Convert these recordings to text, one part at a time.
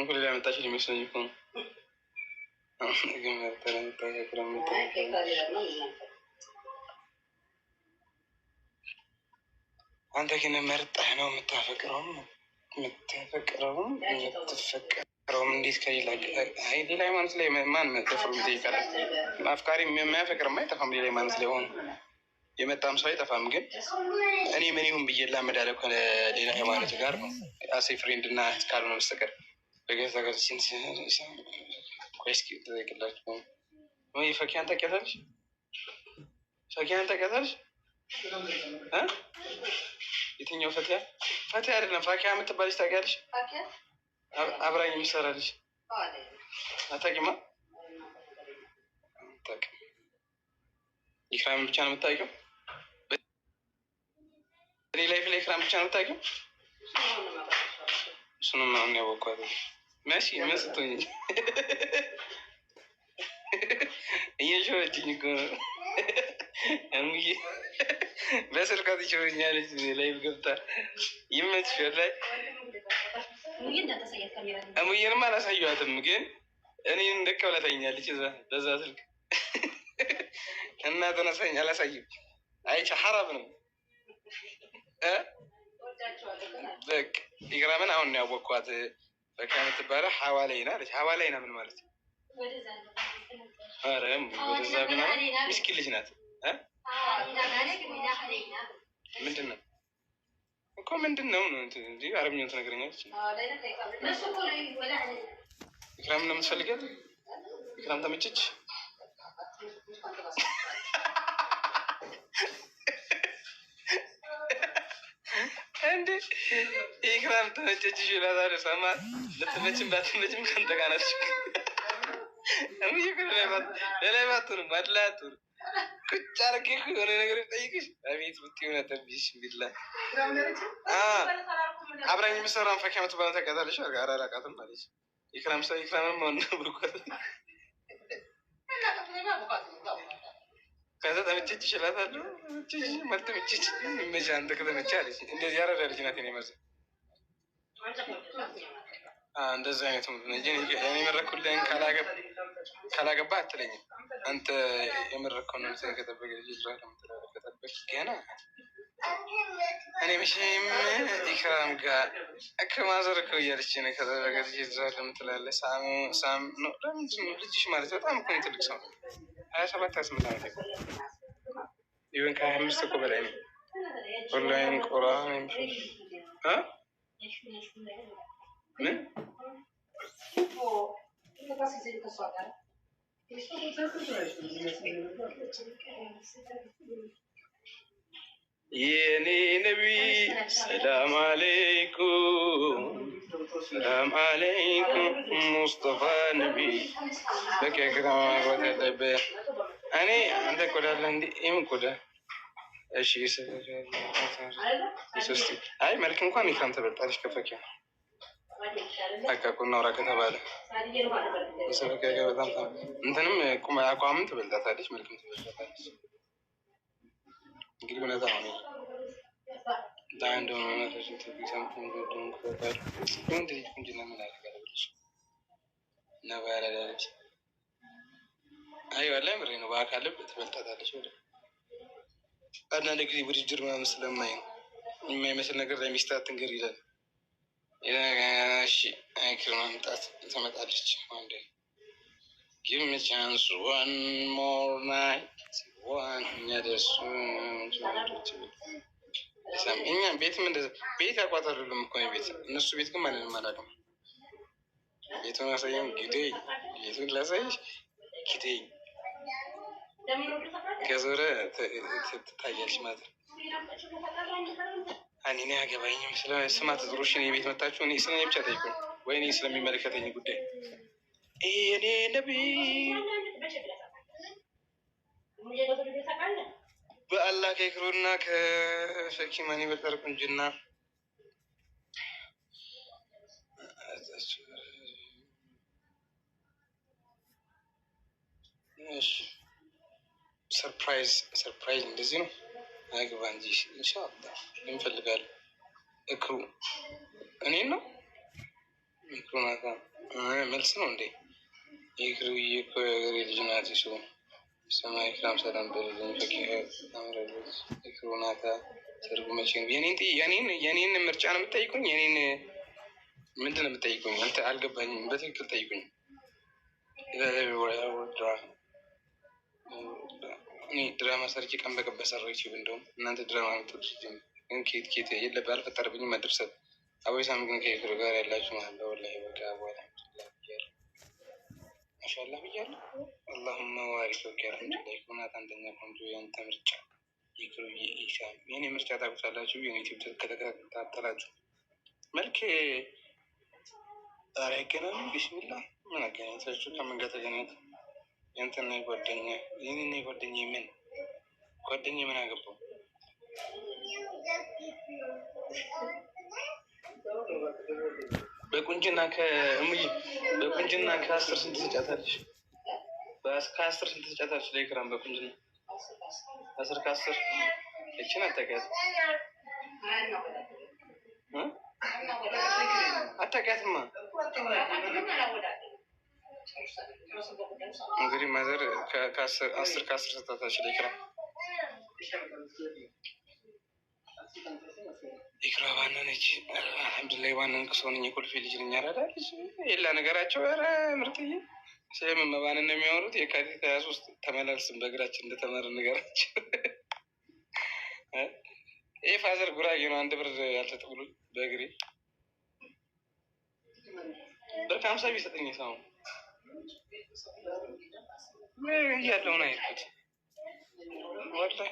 እንኩል ሊያመጣች ሊመስለኝ እኮ ነው። አንተ ግን መርጠህ ነው የምታፈቅረውም የምታፈቅረውም የምትፈቅረውም እንዴት ከሌላ ሌላ ሃይማኖት ላይ ማን መጠፍሩ ይቀራል? አፍቃሪ የማያፈቅርማ አይጠፋም። ሌላ ሃይማኖት ላይ ሆኖ የመጣም ሰው አይጠፋም። ግን እኔ ምን ይሁን ብዬ ላመዳለው ከሌላ ሃይማኖት ጋር ነው አሴ ፍሬንድ እና ካልሆነ በስተቀር በገዛ ጋር ስንት ቆይስኪ ተጠይቅላችሁ ወይ ፈኪያን ተቀተልሽ ፈኪያን ተቀተልሽ የትኛው ፈቲያ ፈቲያ አይደለም ፋኪያ የምትባልሽ ታውቂያለሽ አብራኝ የሚሰራልሽ አታውቂማ ኢክራም ብቻ ነው የምታውቂው በእኔ ላይፍ ላይ ኢክራም ብቻ ነው የምታውቂው እሱንም አሁን ያወቅኳት መሲ መስቶኝ እየሸወችኝ እኮ በስልካት ይሸወኛለች። ላይ ገብታ ይመችሻል። ላይ እሙዬንም አላሳየኋትም፣ ግን እኔን ደቀ ብላ እዛ በዛ ስልክ እና ተነሳኝ አላሳየም። አይቼ ሐራም ነው በቃ ይቅራምን። አሁን ያወቅኳት በቃ የምትባለው ሀዋላይና ሀዋላይ ና ምን ማለት ነው? ኧረ ወደዛ ብና ምስኪን ልጅ ናት። ምንድን ነው እኮ ምንድን ነው እንዲ አረብኛውን ትነግረኛለች። ኢክራምን ነው የምትፈልገው? ኢክራም ተመቸች? እንዴ ኢክራም ተመቸች ይላታል። ሰማ ልትመችም ባትመችም ከአንተ ጋር ናት። ለላይ ባትሆንም አድላ አትሆንም። ቁጭ አድርጌ የሆነ ነገር ጠይቅሽ አቤት ብት ሆነ ተንቢሽ ቢላ አብራኝ የምሰራውን ፈኪያ የምትባለው ታውቃታለሽ? ጋር አላውቃትም አለች ይክራም ሰው ኢክራምም ሆነ ብርኳት ከዛ ተመቸች እችላታለሁ መልተመቸች መቼ አንተ ከተመቸ አለች። እንደዚህ ያረዳ ልጅ ናት ኔ መርዝ እንደዚ አይነት እንጂ እኔ መረኩልህን ካላገባ አትለኝም። አንተ የመረከው ነው ከጠበቅ ልጅ ከጠበቅ ገና እኔ መቼም ኢክራም ጋር ከማዘር እያለች ነው። ከጠበቀ ልጅ ዝራ ለምትላለ ሳም ነው ለምንድን ነው ልጅሽ ማለት በጣም እኮ ትልቅ ሰው ሀያ ሰባት ሀያ ስምንት ዓመት ይሁን ከሀያ አምስት እኮ በላይ ነው። ኦንላይን ቁርአን ምን የኔ ነቢ ሰላም አለይኩም ሰላም አለይኩም ሙስጠፋ ነቢይ በቃ ከተማ ማግባት ያለብህ እኔ አንተ ቆዳ አለ እንዲ ይህም ቆዳ እሺ ሶስት አይ መልክ እንኳን ይካን ተበልጣለች ከፈኪያ አቃቁና ወራ ከተባለ ሰፈኪያ ጋር በጣም እንትንም አቋምም ትበልጣታለች መልክም ትበልጣታለች እንግዲህ እውነታ ሆነ ለአንድ ማማቶች ሰምቶን ወደን ልጅ ምን እና ምሬ ነው። ትበልጣታለች። አንዳንድ ጊዜ ውድድር ምናምን ስለማይ ነው የማይመስል ነገር ላይ ሚስት አትንገር ይላል። እሺ አይክር ማምጣት ትመጣለች። አንዴ ጊቭ ሚ ቻንስ ዋን ሞር ናይት ዋን ያደሱ እኛ ቤትም እንደዚያ ቤት ያቋጠርልም እኮ ቤት እነሱ ቤት ግን ማንንም አላውቅም። ቤቱን አሳየም ግደይ ቤቱን ላሳይሽ ግደይ ከዞረ ትታያለሽ ማለት ነው። እኔ አገባኝም ስለ ስማ ትዝሮሽን ቤት መታችሁ እኔ ስለ ብቻ ጠይቁ ወይ እኔ ስለሚመለከተኝ ጉዳይ እኔ ነቢ ከአላህ ከክሩና ከሸኪ ማኒ በጠር ቁንጅና ሰርፕራይዝ ሰርፕራይዝ እንደዚህ ነው። አግባ እንጂ ኢንሻአላ እንፈልጋለን። እክሩ እኔ ነው እክሩ ናታ መልስ ነው እንዴ? ይክሩ ይኮ የሀገሬ ልጅ ናት። ሰማይ ሰላም ሰላም በልልኝ ፈኪሀ አምረልጅ ክሩናታ ሰርጉ መቼ ነው? የኔን የኔን ምርጫ ነው የምጠይቁኝ? የኔን ምንድን ነው የምጠይቁኝ? አንተ አልገባኝም። በትክክል ጠይቁኝ። እኔ ድራማ ሰርቼ ቀን በቀን በሰራው ዩቲዩብ እንደውም እናንተ ድራማ ኬት ኬት የለብህ አልፈጠርብኝም መድርሰት አቦይ ግን ከኤርትሮ ጋር ያላችሁ ማለት ነው። ወላሂ በቃ በኋላ ማሻላ ብያለሁ። ታሪክ ተወኪያት ላይ ሁናት አንደኛ ቆንጆ የአንተ ምርጫ የክሩዬ ኤክሳም ይህን ምርጫ ታቁሳላችሁ። የዩቲብ ከተከታተላችሁ መልክ ዛሬ አይገናኙ ቢስሚላ ምን አገናኝታችሁ? ከምን ጋር ተገናኙ? የንትና ጓደኛ ይህንና ጓደኛ ምን ጓደኛ ምን አገባው? በቁንጅና ከሙይ በቁንጅና ከአስር ስንት ስጫታለች? ከአስር ስንት ስጫታችሁ ለኢክራም በቁንጅና አስር ከአስር እችን አታውቂያትም አታውቂያትማ። እንግዲህ ማዘር አስር ከአስር ስታታችሁ ለኢክራም ኢክራ ባናነች አብዱላይ ባናን ክሶንኝ ቁልፌ ልጅ ነኝ አላዳ ልጅ የላ ነገራቸው ረ ምርጥዬ መባን እንደሚያወሩት የካቲት ሀያ ሶስት ተመላልስን በእግራችን እንደተመር ንገራቸው። ይህ ፋዘር ጉራጌ ነው። አንድ ብር ያልሰጥ በእግሬ ብር ከሀምሳ ቢሰጠኝ ሰው እያለውን አይልኩት ወላሂ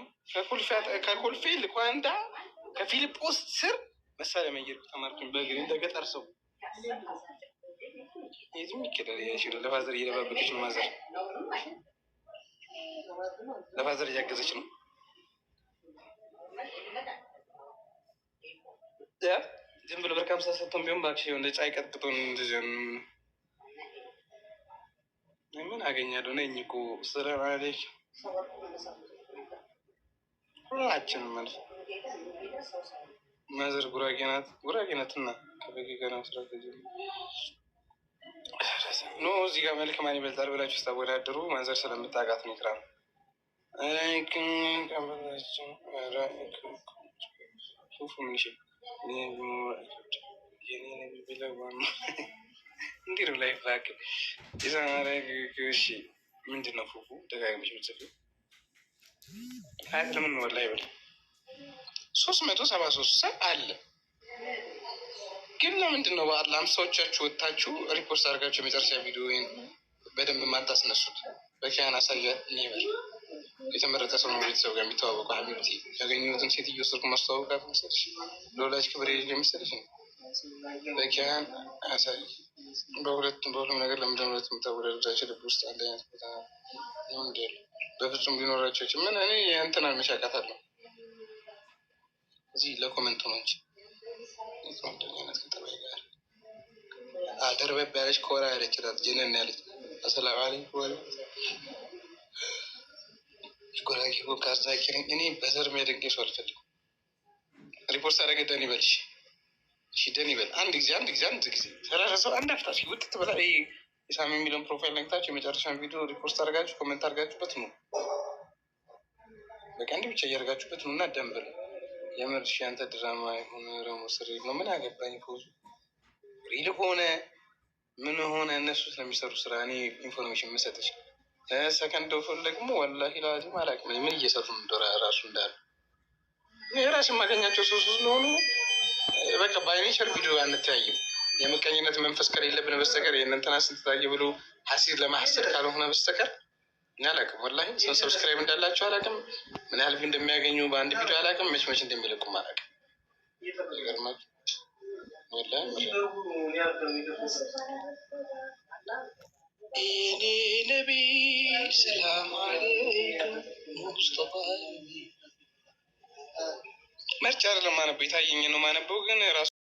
ከኮልፌ ልኳንዳ ከፊልጶስ ስር መሳሪያ መየርኩ ተማርኩኝ በእግሬ እንደገጠር ሰው ለፋዘር እየደባበቀች ነው። ማዘር ለፋዘር እያገዘች ነው። ዝም ብሎ በርካም ሳሰጥተን ቢሆን ባክሽ የሆነ ጫይ ቀጥቅጦን እንደዚህ ምን አገኛለሁ? ነኝ እኮ ስለማለች ሁላችንም ማለት ማዘር ጉራጌ ናት። ጉራጌ ናትና ከበጌ ጋር መስራት ኑ እዚህ ጋር መልክ ማን ይበልጣል ብላችሁ ስታወዳድሩ ማንዘር ስለምታውቃት ነው። ይክራም እንዲህ ነው ላይፍ ምንድን ነው ፉፉ ደጋግመሽ የምትጽፊው ለምን ነው? ወላሂ ሶስት መቶ ሰባ ሶስት ሰብ አለ ግን ለምንድን ነው በአላ አምሳዎቻችሁ ወጥታችሁ ሪፖርት አድርጋችሁ የመጨረሻ ቪዲዮ ወይም በደንብ ማታስነሱት? በኪያን አሳየ ኔበር የተመረጠ ሰው ነው ቤተሰብ ጋር የሚተዋወቁ ሀቢብቲ ያገኘሁትን ሴትዮ ስልክ ማስተዋወቃት መሰለሽ ለወላጅ ክብር የሌለ መሰለሽ ነው። በኪያን አሳይ በሁለቱም በሁሉም ነገር ለምንድን ነው ሁለት የምታወዳደዳቸው? ልብ ውስጥ አንድ አይነት ቦታ ነው እንዲያሉ በፍጹም ሊኖራቸው ምን እኔ የእንትን አመሻቃት አለው እዚህ ለኮመንቱ ነው እንጂ ጓደኛነት ከጠባይ ጋር አደርበብ ያለች ኮራ ያለች ናት። ጀነን ያለች አሰላም አለይኩም አለ ጎራኪ ካዛኪን እኔ በዘር መደገፍ አልፈልግም። ሪፖርት አደረገ ደን ይበልሽ እሺ፣ ደን ይበል። አንድ ጊዜ አንድ ጊዜ አንድ ጊዜ ሰላሳ ሰው አንድ አፍታ የሚለውን ፕሮፋይል ነግታችሁ የመጨረሻን ቪዲዮ ሪፖርት አድርጋችሁ ኮመንት አድርጋችሁበት ነው። በቃ እንዲህ ብቻ እያደርጋችሁበት ነው እና የምር አንተ ድራማ የሆነ ረሞ ስሬድ ነው። ምን አገባኝ ፎዙ ሪል ሆነ ምን ሆነ እነሱ ስለሚሰሩ ስራ እኔ ኢንፎርሜሽን መሰጠች። ሰከንድ ኦፈር ደግሞ ወላሂ ላዚም አላውቅም ምን እየሰሩ እንደሆነ ራሱ እንዳሉ የራስ የማገኛቸው ሰው ስለሆኑ በቃ ባይኔቸር ቪዲዮ አንተያይም። የምቀኝነት መንፈስ ከሌለብን በስተቀር የእነንተና ስንትታየ ብሎ ሀሲር ለማሐሰድ ካልሆነ በስተቀር እኔ አላውቅም፣ ወላሂ ስንት ሰብስክራይብ እንዳላቸው አላውቅም፣ ምን ያህል እንደሚያገኙ በአንድ ቪዲዮ አላውቅም፣ መች መች እንደሚለቁም አላውቅም። እኔ ነቢ ሰላም አለይኩም ሙስጠፋ መርጫ አይደለም ማነበው የታየኝ ነው ማነበው ግን